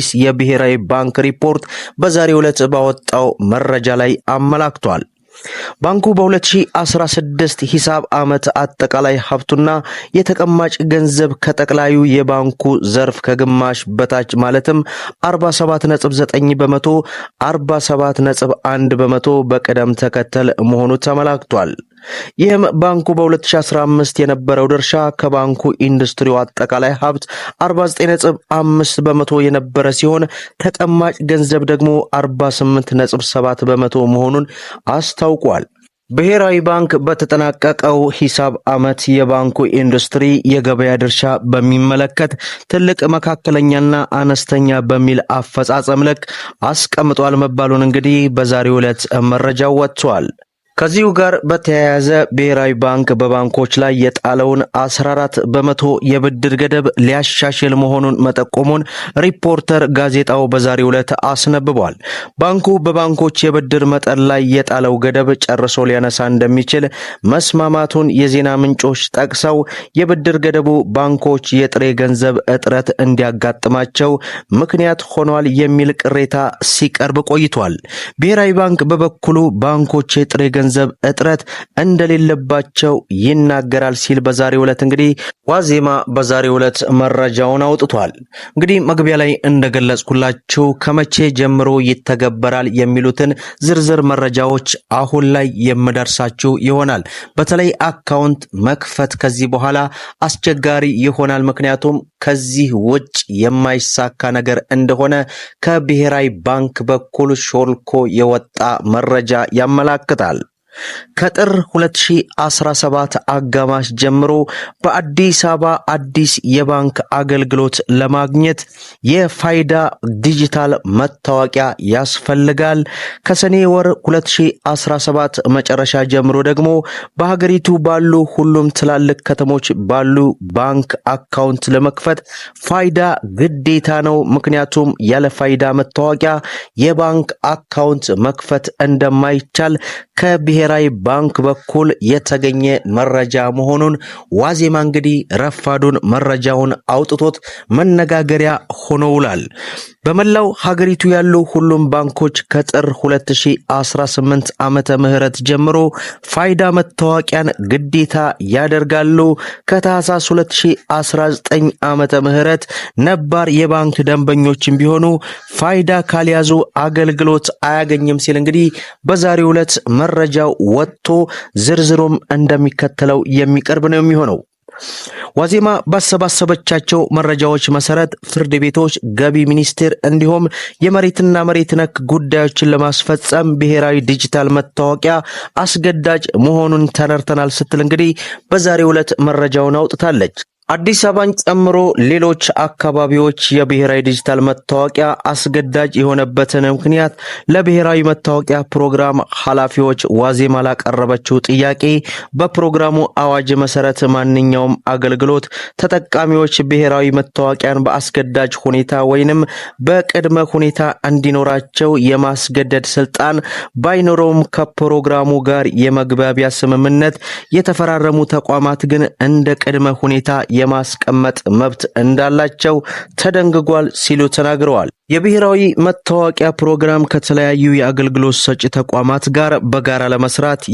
አዲስ የብሔራዊ ባንክ ሪፖርት በዛሬ ዕለት ባወጣው መረጃ ላይ አመላክቷል። ባንኩ በ2016 ሂሳብ ዓመት አጠቃላይ ሀብቱና የተቀማጭ ገንዘብ ከጠቅላዩ የባንኩ ዘርፍ ከግማሽ በታች ማለትም 47.9 በመቶ፣ 47.1 በመቶ በቅደም ተከተል መሆኑ ተመላክቷል። ይህም ባንኩ በ2015 የነበረው ድርሻ ከባንኩ ኢንዱስትሪው አጠቃላይ ሀብት 49.5 በመቶ የነበረ ሲሆን ተቀማጭ ገንዘብ ደግሞ 48.7 በመቶ መሆኑን አስታውቋል። ብሔራዊ ባንክ በተጠናቀቀው ሂሳብ ዓመት የባንኩ ኢንዱስትሪ የገበያ ድርሻ በሚመለከት ትልቅ፣ መካከለኛና አነስተኛ በሚል አፈጻጸም ልክ አስቀምጧል መባሉን እንግዲህ በዛሬው ዕለት መረጃው ወጥቷል። ከዚሁ ጋር በተያያዘ ብሔራዊ ባንክ በባንኮች ላይ የጣለውን 14 በመቶ የብድር ገደብ ሊያሻሽል መሆኑን መጠቆሙን ሪፖርተር ጋዜጣው በዛሬ ዕለት አስነብቧል። ባንኩ በባንኮች የብድር መጠን ላይ የጣለው ገደብ ጨርሶ ሊያነሳ እንደሚችል መስማማቱን የዜና ምንጮች ጠቅሰው የብድር ገደቡ ባንኮች የጥሬ ገንዘብ እጥረት እንዲያጋጥማቸው ምክንያት ሆኗል የሚል ቅሬታ ሲቀርብ ቆይቷል። ብሔራዊ ባንክ በበኩሉ ባንኮች የጥሬ ገንዘብ የገንዘብ እጥረት እንደሌለባቸው ይናገራል ሲል በዛሬው ዕለት እንግዲህ ዋዜማ በዛሬው ዕለት መረጃውን አውጥቷል። እንግዲህ መግቢያ ላይ እንደገለጽኩላችሁ ከመቼ ጀምሮ ይተገበራል የሚሉትን ዝርዝር መረጃዎች አሁን ላይ የምደርሳችሁ ይሆናል። በተለይ አካውንት መክፈት ከዚህ በኋላ አስቸጋሪ ይሆናል። ምክንያቱም ከዚህ ውጭ የማይሳካ ነገር እንደሆነ ከብሔራዊ ባንክ በኩል ሾልኮ የወጣ መረጃ ያመላክታል። ከጥር 2017 አጋማሽ ጀምሮ በአዲስ አበባ አዲስ የባንክ አገልግሎት ለማግኘት የፋይዳ ዲጂታል መታወቂያ ያስፈልጋል። ከሰኔ ወር 2017 መጨረሻ ጀምሮ ደግሞ በሀገሪቱ ባሉ ሁሉም ትላልቅ ከተሞች ባሉ ባንክ አካውንት ለመክፈት ፋይዳ ግዴታ ነው። ምክንያቱም ያለ ፋይዳ መታወቂያ የባንክ አካውንት መክፈት እንደማይቻል ከብሔር ብሔራዊ ባንክ በኩል የተገኘ መረጃ መሆኑን ዋዜማ እንግዲህ ረፋዱን መረጃውን አውጥቶት መነጋገሪያ ሆኖ ውላል በመላው ሀገሪቱ ያሉ ሁሉም ባንኮች ከጥር 2018 ዓመተ ምህረት ጀምሮ ፋይዳ መታወቂያን ግዴታ ያደርጋሉ። ከታህሳስ 2019 ዓመተ ምህረት ነባር የባንክ ደንበኞችም ቢሆኑ ፋይዳ ካልያዙ አገልግሎት አያገኝም ሲል እንግዲህ በዛሬው ዕለት መረጃው ወጥቶ ዝርዝሩም እንደሚከተለው የሚቀርብ ነው የሚሆነው። ዋዜማ ባሰባሰበቻቸው መረጃዎች መሰረት ፍርድ ቤቶች፣ ገቢ ሚኒስቴር እንዲሁም የመሬትና መሬት ነክ ጉዳዮችን ለማስፈጸም ብሔራዊ ዲጂታል መታወቂያ አስገዳጅ መሆኑን ተረድተናል ስትል እንግዲህ በዛሬው ዕለት መረጃውን አውጥታለች። አዲስ አበባን ጨምሮ ሌሎች አካባቢዎች የብሔራዊ ዲጂታል መታወቂያ አስገዳጅ የሆነበትን ምክንያት ለብሔራዊ መታወቂያ ፕሮግራም ኃላፊዎች ዋዜማ ላቀረበችው ጥያቄ በፕሮግራሙ አዋጅ መሰረት ማንኛውም አገልግሎት ተጠቃሚዎች ብሔራዊ መታወቂያን በአስገዳጅ ሁኔታ ወይንም በቅድመ ሁኔታ እንዲኖራቸው የማስገደድ ስልጣን ባይኖረውም ከፕሮግራሙ ጋር የመግባቢያ ስምምነት የተፈራረሙ ተቋማት ግን እንደ ቅድመ ሁኔታ የማስቀመጥ መብት እንዳላቸው ተደንግጓል ሲሉ ተናግረዋል። የብሔራዊ መታወቂያ ፕሮግራም ከተለያዩ የአገልግሎት ሰጪ ተቋማት ጋር በጋራ ለመስራት